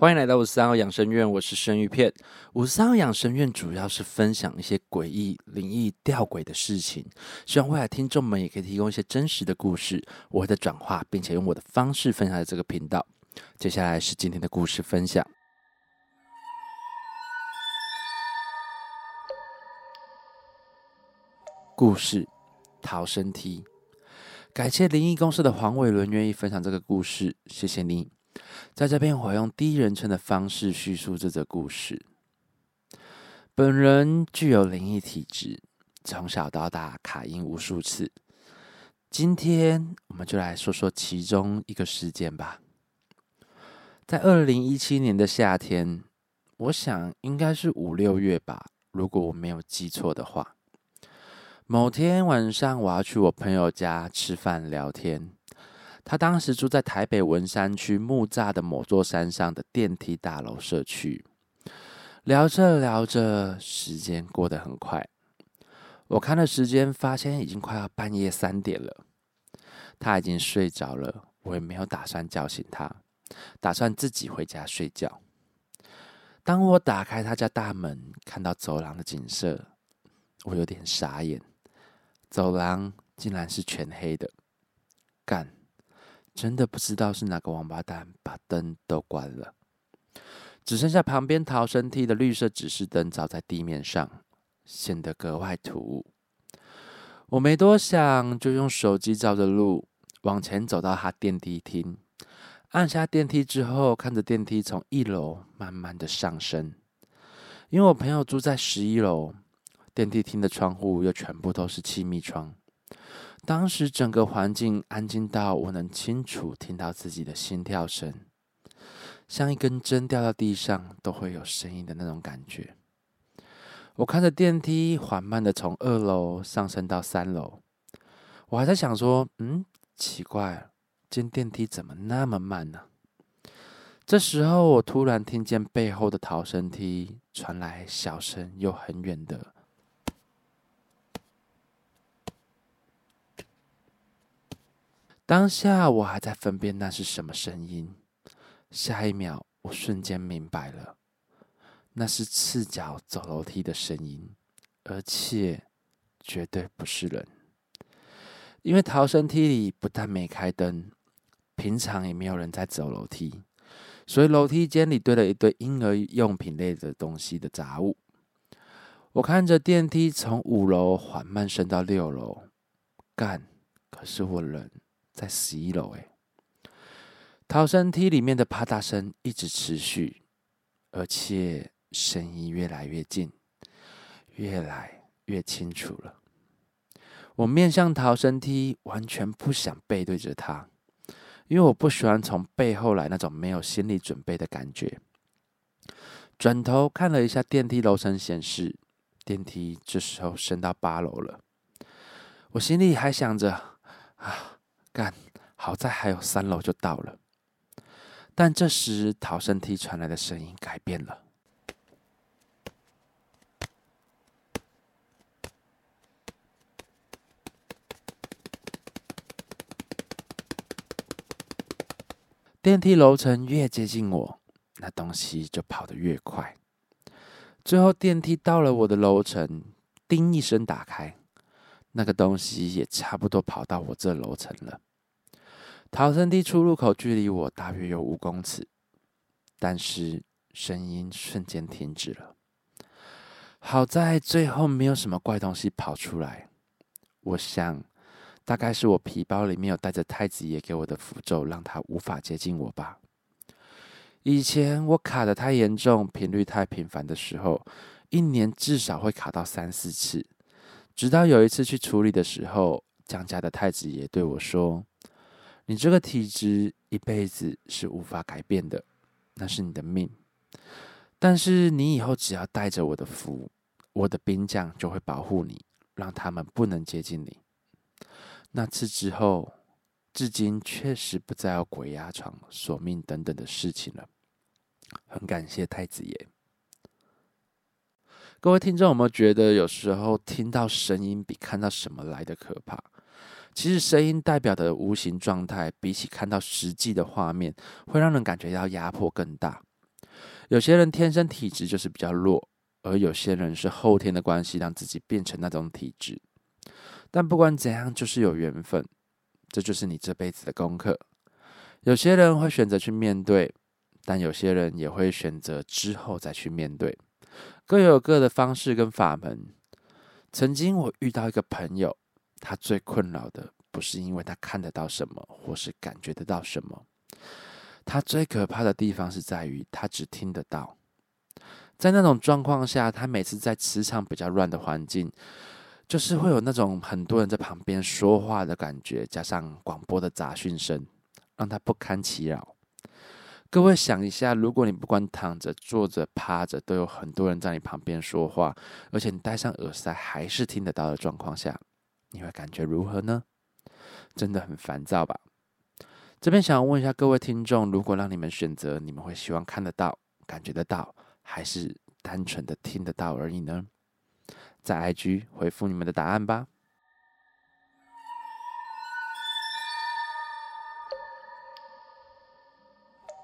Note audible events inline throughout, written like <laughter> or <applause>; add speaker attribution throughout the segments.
Speaker 1: 歡迎來到五三號養生怨，我是生魚片。五三號養生怨主要是分享一些詭異、靈異、弔詭的事情，希望未來聽眾們也可以提供一些真實的故事，我會在轉化，並且用我的方式分享在這個頻道。接下來是今天的故事分享。故事：逃生梯。感謝靈異公司的黃偉倫願意分享這個故事，謝謝您。在這邊我用第一人稱的方式敘述這則故事。本人具有靈異體質，從小到大卡陰無數次。今天，我們就來說說其中一個事件吧。在二零一七年的夏天，我想應該是五六月吧，如果我沒有記錯的話。某天晚上，我要去我朋友家吃飯聊天。他當時住在台北文山區木柵的某座山上的電梯大樓社區，聊着聊着，時間過得很快。我看了時間，發現已經快要半夜三點了。他已經睡着了，我也沒有打算叫醒他，打算自己回家睡覺。當我打開他家大門，看到走廊的景色，我有點傻眼，走廊竟然是全黑的。幹。真的不知道是哪個王八蛋把燈都關了，只剩下旁邊逃生梯的綠色指示燈照在地面上，顯得格外突兀。我沒多想，就用手機照著路往前走到他電梯廳，按下電梯之後，看着電梯從一樓慢慢的上升。因為我朋友住在十一樓，電梯廳的窗戶又全部都是氣密窗。當時整個環境安靜到我能清楚聽到自己的心跳聲，像一根針掉到地上都會有聲音的那種感覺。我看着電梯緩慢的從二樓上升到三樓，我還在想說：“嗯，奇怪，今天電梯怎麼那麼慢呢、啊？”這時候，我突然聽見背後的逃生梯傳來小聲又很遠的。當下我還在分辨那是什麼聲音，下一秒我瞬間明白了，那是赤腳走樓梯的聲音，而且絕對不是人，因為逃生梯裡不但沒開燈，平常也沒有人在走樓梯，所以樓梯間裡堆了一堆嬰兒用品類的東西的雜物。我看着電梯從五樓緩慢升到六樓，幹，可是我忍。在十一樓，誒，逃生梯裡面的啪嗒聲一直持續，而且聲音越來越近，越來越清楚了。我面向逃生梯，完全不想背對着它，因為我不喜歡從背後來那種沒有心理準備的感覺。轉頭看了一下電梯樓層顯示，電梯這時候升到八樓了。我心裡還想着，啊。.幹，好在還有三樓就到了。但這時逃生梯傳來的聲音改變了。電梯樓層越接近我，那東西就跑得越快。最後電梯到了我的樓層，叮一聲打開。那個東西也差不多跑到我這樓層了。逃生梯出入口距離我大約有五公尺，但是聲音瞬間停止了。好在最後沒有什麼怪東西跑出來。我想，大概是我皮包裡面有帶着太子爺給我的符咒，讓他無法接近我吧。以前我卡得太嚴重、頻率太頻繁的時候，一年至少會卡到三四次。直到有一次去處理的時候，江家的太子爺對我說：“你這個體質一輩子是無法改變的，那是你的命。但是你以後只要帶着我的符，我的兵將就會保護你，讓他們不能接近你。”那次之後，至今確實不再有鬼壓床、索命等等的事情了。很感謝太子爺。各位聽眾有沒有覺得，有時候聽到聲音比看到什麼來得可怕？其實聲音代表的無形狀態，比起看到實際的畫面，會讓人感覺到壓迫更大。有些人天生體質就是比較弱，而有些人是後天的關係讓自己變成那種體質。但不管怎樣，就是有緣分，這就是你這輩子的功課。有些人會選擇去面對，但有些人也會選擇之後再去面對。各有各的方式跟法門。曾經我遇到一個朋友，他最困擾的不是因為他看得到什麼或是感覺得到什麼，他最可怕的地方是在於他只聽得到。在那種狀況下，他每次在磁場比較亂的環境，就是會有那種很多人在旁邊說話的感覺，加上廣播的雜訊聲，讓他不堪其擾。各位想一下，如果你不管躺着、坐着、趴着，都有很多人在你旁邊說話，而且你戴上耳塞還是聽得到的狀況下，你會感覺如何呢？真的很煩躁吧？這邊想要問一下各位聽眾，如果讓你們選擇，你們會希望看得到、感覺得到，還是單純的聽得到而已呢？在 IG 回復你們的答案吧。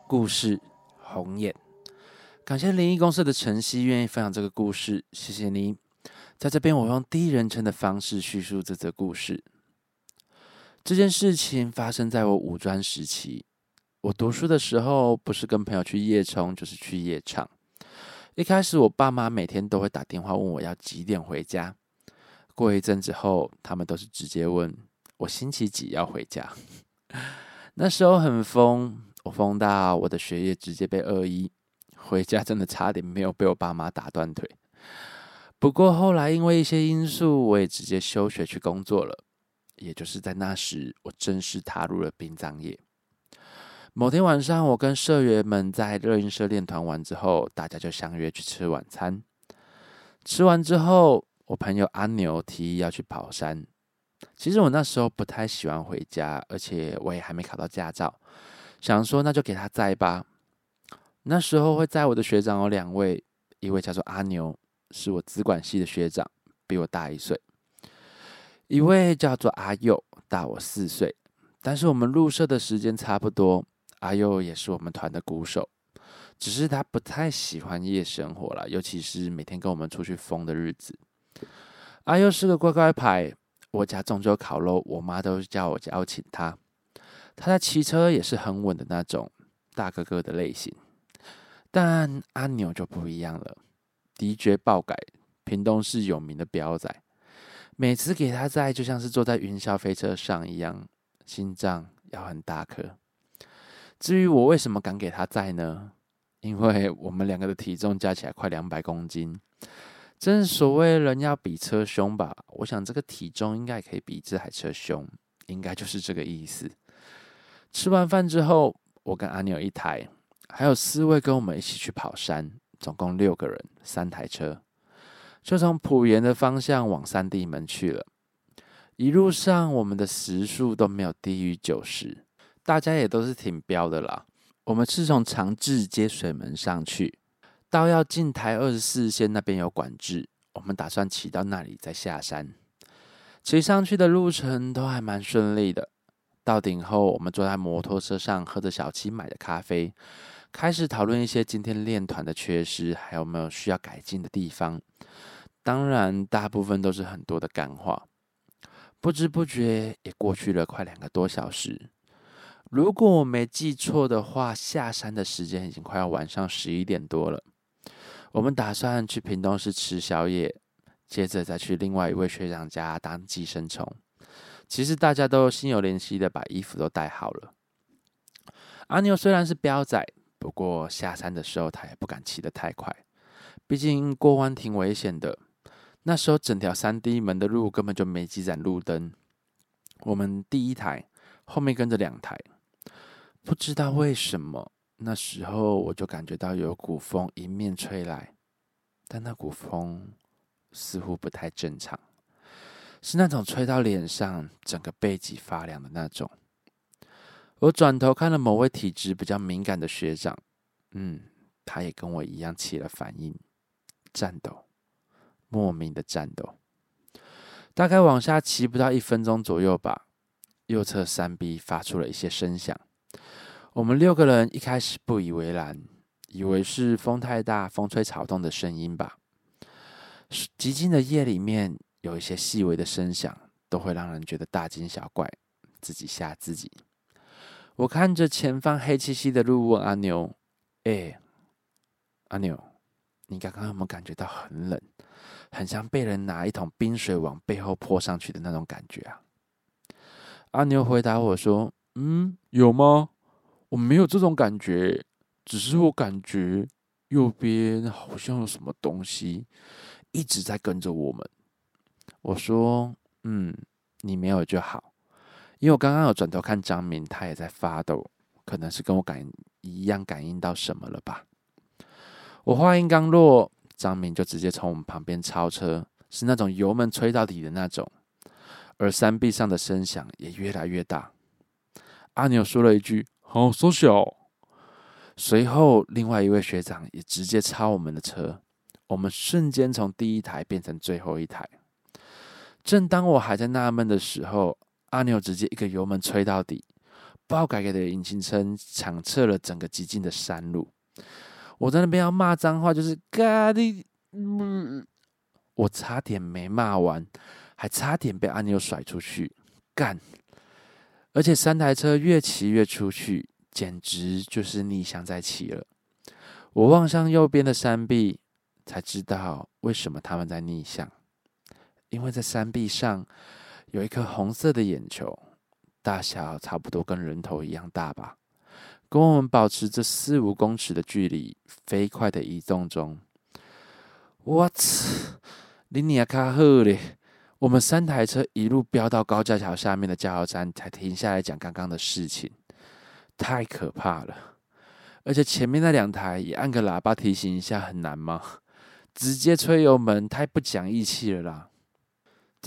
Speaker 1: 故事《紅眼》，感謝靈異公社的晨曦願意分享這個故事，謝謝您。在這邊，我用第一人稱的方式敘述這則故事。這件事情發生在我五專時期。我讀書的時候，不是跟朋友去夜衝，就是去夜場。一開始，我爸媽每天都會打電話問我要幾點回家。過一陣子後，他們都是直接問我星期幾要回家。 <laughs> 那時候很瘋。我瘋到，我的學業直接被二一。回家真的差點沒有被我爸媽打斷腿。不過後來因為一些因素，我也直接休學去工作了。也就是在那時，我正式踏入了殯葬業。某天晚上，我跟社員們在熱音社練團完之後，大家就相約去吃晚餐。吃完之後，我朋友阿牛提議要去跑山。其實我那時候不太喜歡回家，而且我也還沒考到駕照。想說那就給他載吧。那時候會載我的學長有兩位，一位叫做阿牛，是我資管系的學長，比我大一歲；一位叫做阿佑，大我四歲。但是我們入社的時間差不多，阿佑也是我們團的鼓手，只是他不太喜歡夜生活啦，尤其是每天跟我們出去瘋的日子。阿佑是個乖乖牌，我家中秋烤肉，我媽都叫我邀請他。他在騎車也是很穩的那種大哥哥的類型，但阿牛就不一樣了，的確爆改屏東市有名的飆仔，每次給他載，就像是坐在雲霄飛車上一樣，心臟要很大顆。至於我為什麼敢給他載呢？因為我們兩個的體重加起來快兩百公斤，正所謂人要比車兇吧？我想這個體重應該可以比這台車兇，應該就是這個意思。吃完飯之後，我跟阿牛一台，還有四位跟我們一起去跑山，總共六個人，三台車，就從浦沿的方向往三地門去了。一路上，我們的時速都沒有低於九十，大家也都是挺飆的啦。我們是從長治接水門上去，到要進台二十四線那邊有管制，我們打算騎到那裡再下山。騎上去的路程都還蠻順利的。到頂後，我們坐在摩托車上，喝着小七買的咖啡，開始討論一些今天練團的缺失，還有沒有需要改進的地方。當然，大部分都是很多的幹話。不知不覺也過去了快兩個多小時。如果我沒記錯的話，下山的時間已經快要晚上十一點多了。我們打算去屏東市吃宵夜，接着再去另外一位學長家當寄生蟲。其實大家都心有靈犀的把衣服都帶好了。阿牛雖然是飆仔，不過下山的時候他也不敢騎得太快，畢竟過彎挺危險的。那時候整條三地門的路根本就沒幾盞路燈。我們第一台，後面跟着兩台。不知道為什麼，那時候我就感覺到有股風迎面吹來，但那股風似乎不太正常。是那種吹到臉上，整個背脊發涼的那種。我轉頭看了某位體質比較敏感的學長，嗯，他也跟我一樣起了反應，顫抖，莫名的顫抖。大概往下騎不到一分鐘左右吧，右側山壁發出了一些聲響。我們六個人一開始不以為然，以為是風太大、風吹草動的聲音吧。寂靜的夜裡面。有一些細微的聲響，都會讓人覺得大驚小怪，自己嚇自己。我看着前方黑漆漆的路，問阿牛：“哎、欸，阿牛，你剛剛有沒有感覺到很冷？很像被人拿一桶冰水往背後潑上去的那種感覺啊？”阿牛回答我說：“嗯，有嗎？我沒有這種感覺，只是我感覺右邊好像有什麼東西一直在跟着我們。”我說：“嗯，你沒有就好，因為我剛剛有轉頭看張明，他也在發抖，可能是跟我感一樣感應到什麼了吧。”我話音剛落，張明就直接從我們旁邊超車，是那種油門催到底的那種，而山壁上的聲響也越來越大。阿牛說了一句：“好縮小。”隨後，另外一位學長也直接超我們的車，我們瞬間從第一台變成最後一台。正當我還在納悶的時候，阿牛直接一個油門吹到底，爆改改的引擎聲響徹了整個寂靜的山路。我在那邊要罵髒話，就是“咖哩”，嗯。我差點沒罵完，還差點被阿牛甩出去幹。而且三台車越騎越出去，簡直就是逆向在騎了。我望向右邊的山壁，才知道為什麼他們在逆向。因為在山壁上有一顆紅色的眼球，大小差不多跟人頭一樣大吧。跟我們保持着四五公尺的距離，飛快的移動中。我操！你尼亞卡赫嘞！我們三台車一路飆到高架橋下面的加油站才停下來講剛剛的事情，太可怕了！而且前面那兩台也按個喇叭提醒一下，很難嗎？直接吹油門，太不講義氣了啦！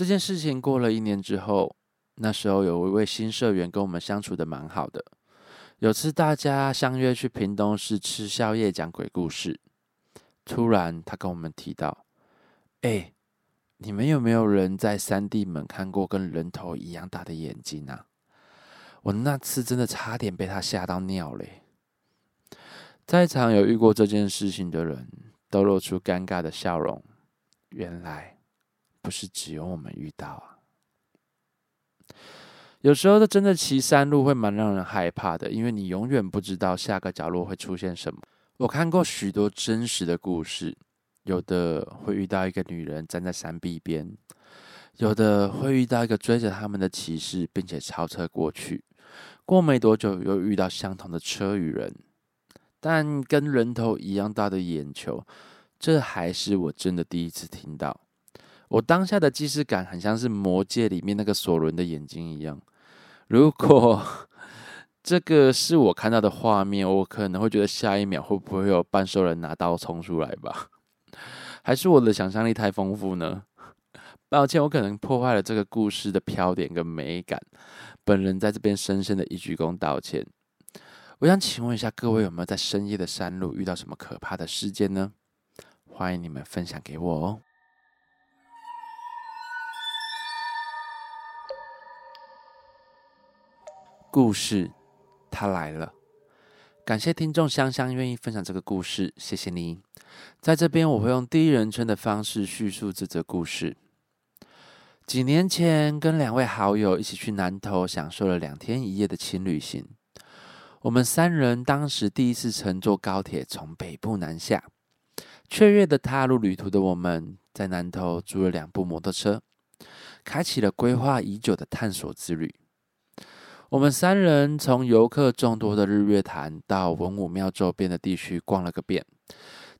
Speaker 1: 這件事情過了一年之後，那時候有一位新社員跟我們相處得蠻好的。有次大家相約去屏東市吃宵夜講鬼故事，突然他跟我們提到：“哎、欸，你們有沒有人在三地門看過跟人頭一樣大的眼睛啊？”我那次真的差點被他嚇到尿嘞。在場有遇過這件事情的人都露出尷尬的笑容，原來。不是只有我們遇到啊。有時候，真的騎山路會蠻讓人害怕的，因為你永遠不知道下個角落會出現什麼。我看過許多真實的故事，有的會遇到一個女人站在山壁邊，有的會遇到一個追着他們的騎士，並且超車過去。過沒多久，又遇到相同的車與人，但跟人頭一樣大的眼球，這還是我真的第一次聽到。我當下的即視感很像是魔戒裡面那個索倫的眼睛一樣。如果這個是我看到的畫面，我可能會覺得下一秒會不會有半獸人拿刀衝出來吧？還是我的想象力太豐富呢？抱歉，我可能破壞了這個故事的飄點跟美感。本人在這邊深深的一鞠躬道歉。我想請問一下各位，有沒有在深夜的山路遇到什麼可怕的事件呢？歡迎你們分享給我哦。故事，他來了。感謝聽眾香香願意分享這個故事，謝謝你。在這邊，我會用第一人稱的方式敘述這則故事。幾年前，跟兩位好友一起去南投，享受了兩天一夜的輕旅行。我們三人當時第一次乘坐高鐵從北部南下，雀躍地踏入旅途的我們，在南投租了兩部摩托車，開啟了規劃已久的探索之旅。我們三人從遊客眾多的日月潭到文武廟周邊的地區逛了個遍，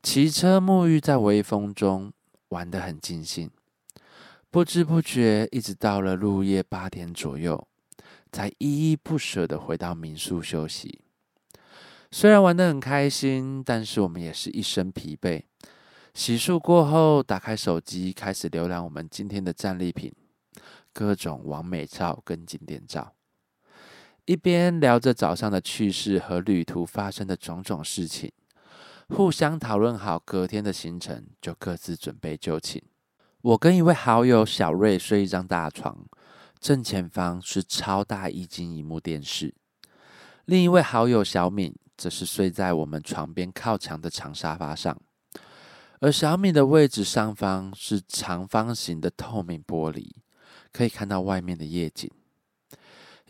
Speaker 1: 騎車沐浴在微風中，玩得很盡興。不知不覺，一直到了入夜八點左右，才依依不捨地回到民宿休息。雖然玩得很開心，但是我們也是一身疲憊。洗漱過後，打開手機，開始瀏覽我們今天的戰利品——各種完美照跟景點照。一邊聊着早上的趣事和旅途發生的種種事情，互相討論好隔天的行程，就各自準備就寢。我跟一位好友小瑞睡一張大床，正前方是超大液晶熒幕電視；另一位好友小敏則是睡在我們床邊靠牆的長沙發上，而小敏的位置上方是長方形的透明玻璃，可以看到外面的夜景。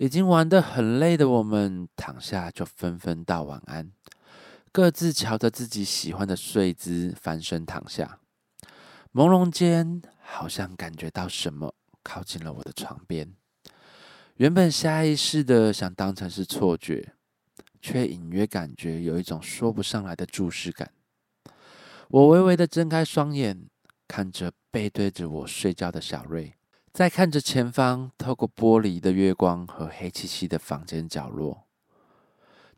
Speaker 1: 已經玩得很累的我們，躺下就紛紛道晚安，各自瞧着自己喜歡的睡姿翻身躺下。朦朧間，好像感覺到什麼靠近了我的床邊，原本下意識的想當成是錯覺，卻隱約感覺有一種說不上來的注視感。我微微的睜開雙眼，看着背對着我睡覺的小瑞。在看着前方，透過玻璃的月光和黑漆漆的房間角落，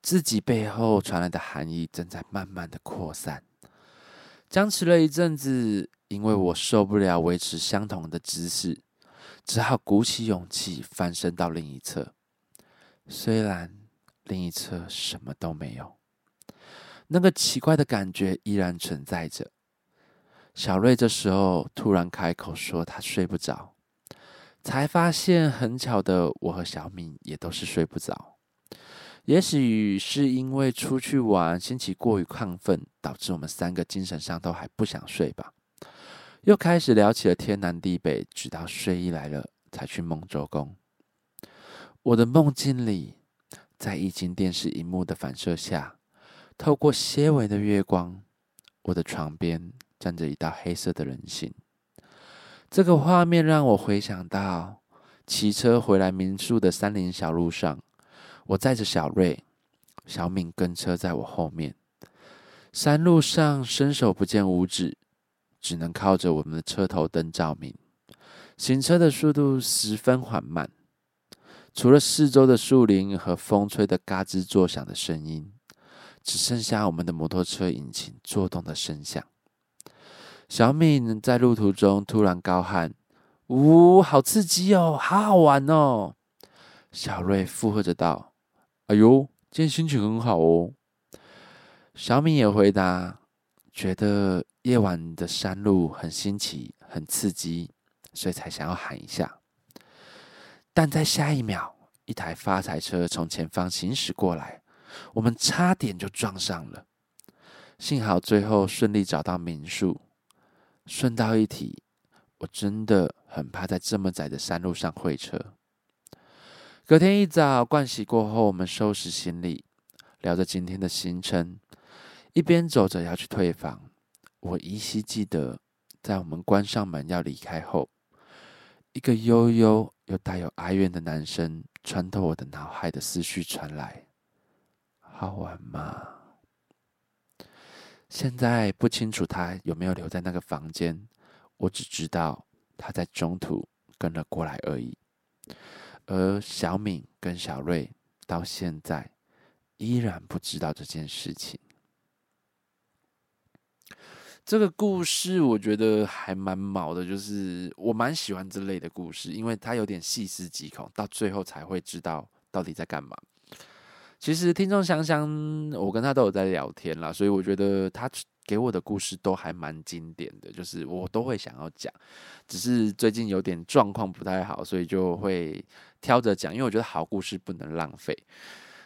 Speaker 1: 自己背後傳來的寒意正在慢慢的擴散。僵持了一陣子，因為我受不了維持相同的姿勢，只好鼓起勇氣翻身到另一側。雖然另一側什麼都沒有，那個奇怪的感覺依然存在着。小瑞這時候突然開口說：“他睡不着。”才發現很巧的，我和小敏也都是睡不着。也許是因為出去玩心情過於亢奮，導致我們三個精神上都還不想睡吧。又開始聊起了天南地北，直到睡意來了，才去夢周公。我的夢境裡，在液晶電視熒幕的反射下，透過些微的月光，我的床邊站着一道黑色的人形。這個畫面讓我回想到騎車回來民宿的山林小路上，我載着小瑞，小敏跟車在我後面。山路上伸手不見五指，只能靠着我們的車頭燈照明，行車的速度十分緩慢。除了四周的樹林和風吹的嘎吱作響的聲音，只剩下我們的摩托車引擎作動的聲響。小敏在路途中突然高喊：“嗚、哦，好刺激哦，好好玩哦！”小瑞附和着道：“哎呦，今天心情很好哦。”小敏也回答：“覺得夜晚的山路很新奇，很刺激，所以才想要喊一下。”但在下一秒，一台發財車從前方行駛過來，我們差點就撞上了。幸好最後順利找到民宿。順道一提，我真的很怕在這麼窄的山路上會車。隔天一早，盥洗過後，我們收拾行李，聊着今天的行程，一邊走着要去退房。我依稀記得，在我們關上門要離開後，一個悠悠又帶有哀怨的男聲穿透我的腦海的思緒傳來：“好玩嗎？”現在不清楚他有沒有留在那個房間，我只知道他在中途跟了過來而已。而小敏跟小瑞到現在依然不知道這件事情。這個故事我覺得還蠻毛的，就是我蠻喜歡這類的故事，因為他有點細思極恐，到最後才會知道到底在幹嘛。其實聽眾香香，我跟他都有在聊天啦，所以我覺得他給我的故事都還蠻經典的，就是我都會想要講，只是最近有點狀況不太好，所以就會挑着講，因為我覺得好故事不能浪費。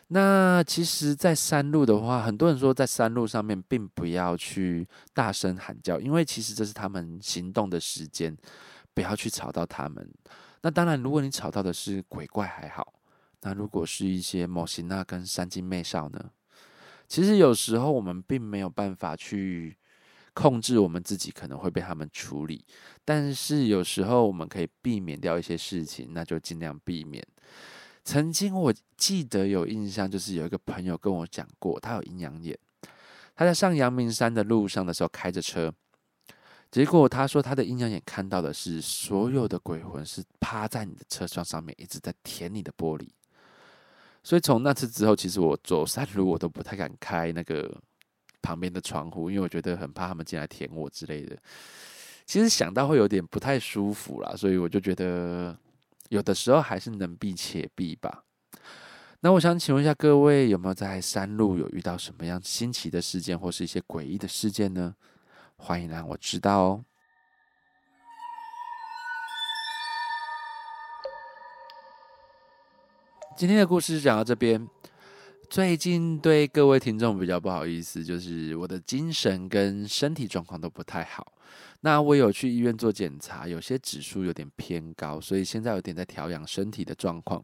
Speaker 1: 那其實，在山路的話，很多人說在山路上面，並不要去大聲喊叫，因為其實這是他們行動的時間，不要去吵到他們。那當然，如果你吵到的是鬼怪，還好。那如果是一些莫西娜跟三金妹少呢？其實有時候我們並沒有辦法去控制我們自己，可能會被他們處理，但是有時候我們可以避免掉一些事情，那就盡量避免。曾經我記得有印象，就是有一個朋友跟我講過，他有陰陽眼，他在上陽明山的路上的時候開着車，結果他說他的陰陽眼看到的是所有的鬼魂是趴在你的車窗上面，一直在舔你的玻璃。所以從那次之後，其實我走山路我都不太敢開那個旁邊的窗戶，因為我覺得很怕他們進來舔我之類的。其實想到會有點不太舒服啦，所以我就覺得有的時候還是能避且避吧。那我想請問一下各位，有沒有在山路有遇到什麼樣新奇的事件或是一些詭異的事件呢？歡迎讓我知道哦。今天的故事講到這邊。最近對各位聽眾比較不好意思，就是我的精神跟身體狀況都不太好。那我有去醫院做檢查，有些指數有點偏高，所以現在有點在調養身體的狀況，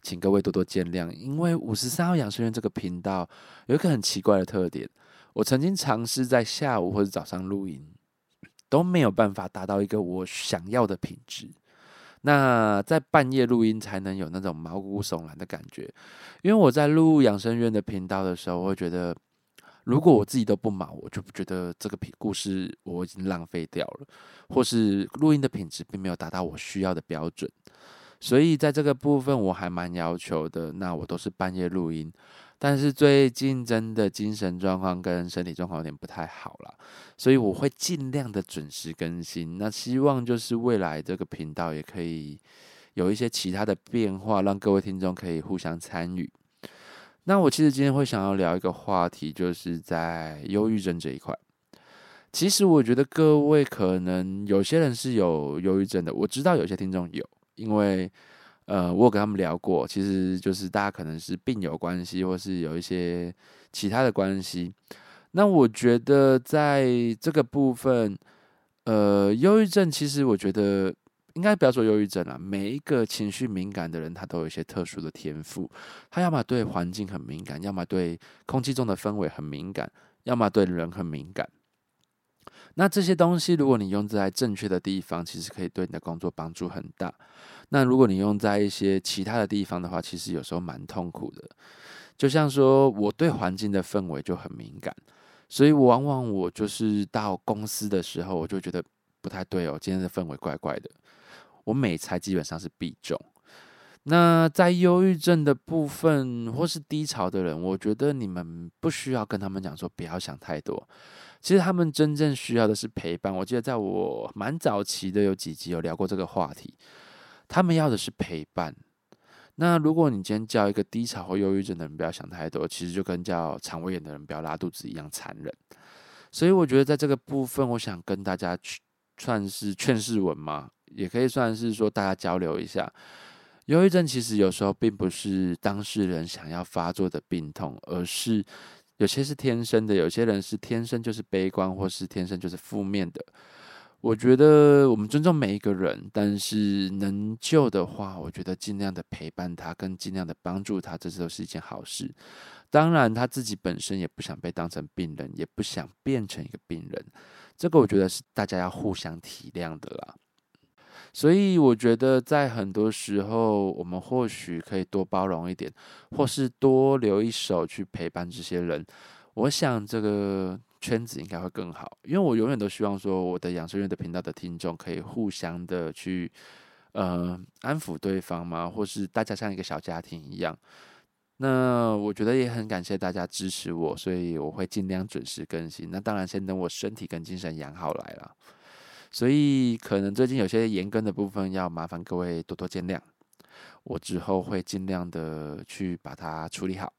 Speaker 1: 請各位多多見諒。因為五十三號養生怨這個頻道有一個很奇怪的特點，我曾經嘗試在下午或者早上錄音，都沒有辦法達到一個我想要的品質。那在半夜錄音才能有那種毛骨悚然的感覺，因為我在錄養生怨的頻道的時候，我會覺得，
Speaker 2: 如果我
Speaker 1: 自己都不毛，我就不覺得這個品故事我已經浪費掉了，或是錄音的品質並沒有達到我需要的標準，所以在這個部分我還蠻要求的。那我都是半夜錄音。但是最近真的精神狀況跟身體狀況有點不太好了，所以我會儘量的準時更新。那希望就是未來這個頻道也可以有一些其他的變化，讓各位聽眾可以互相參與。那我其實今天會想要聊一個話題，就是在憂鬱症這一塊。其實我覺得各位可能有些人是有憂鬱症的，我知道有些聽眾有，因為。呃，我有跟他們聊過，其實就是大家可能是病友關係，或是有一些其他的關係。那我覺得在這個部分，呃，憂鬱症其實我覺得應該不要說憂鬱症了，每一個情緒敏感的人，他都有一些特殊的天賦。他要麼對環境很敏感，要麼對空氣中的氛圍很敏感，要麼對人很敏感。那這些東西，如果你用在正確的地方，其實可以對你的工作幫助很大。那如果你用在一些其他的地方的話，其實有時候蠻痛苦的。就像說，我對環境的氛圍就很敏感，所以往往我就是到公司的時候，我就覺得不太對哦，今天的氛圍怪怪的。我每才基本上是必中。那在憂鬱症的部分或是低潮的人，我覺得你們不需要跟他們講說不要想太多，其實他們真正需要的是陪伴。我記得在我蠻早期的有幾集有聊過這個話題。他們要的是陪伴。那如果你今天叫一個低潮或憂鬱症的人，不要想太多，其實就跟叫腸胃炎的人不要拉肚子一樣殘忍。所以我覺得在這個部分，我想跟大家去算是勸世文嘛，也可以算是說大家交流一下。憂鬱症其實有時候並不是當事人想要發作的病痛，而是有些是天生的，有些人是天生就是悲觀，或是天生就是負面的。我覺得我們尊重每一個人，但是能救的話，我覺得盡量的陪伴他，跟盡量的幫助他，這都是一件好事。當然，他自己本身也不想被當成病人，也不想變成一個病人。這個我覺得是大家要互相體諒的啦。所以，我覺得在很多時候，我們或許可以多包容一點，或是多留一手去陪伴這些人。我想這個。圈子應該會更好，因為我永遠都希望說我的養生院的頻道的聽眾可以互相的去呃安撫對方嘛，或是大家像一個小家庭一樣。那我覺得也很感謝大家支持我，所以我會盡量準時更新。那當然先等我身體跟精神養好來了，所以可能最近有些延更的部分要麻煩各位多多見諒，我之後會盡量的去把它處理好。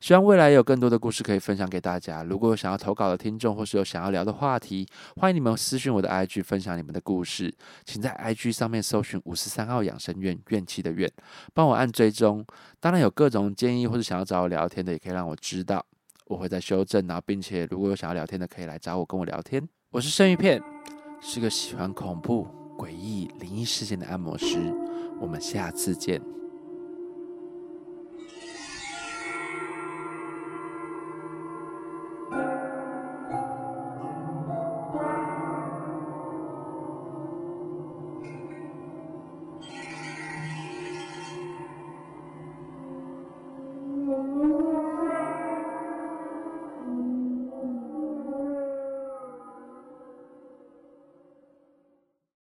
Speaker 1: 希望未來有更多的故事可以分享給大家。如果有想要投稿的聽眾，或是有想要聊的話題，歡迎你們私訊我的 IG 分享你們的故事。請在 IG 上面搜尋五十三號養生怨，怨氣的怨，幫我按追蹤。當然有各種建議，或是想要找我聊天的，也可以讓我知道。我會再修正，然後並且如果有想要聊天的，可以來找我跟我聊天。我是生魚片，是個喜歡恐怖、詭異、靈異事件的按摩師。我們下次見。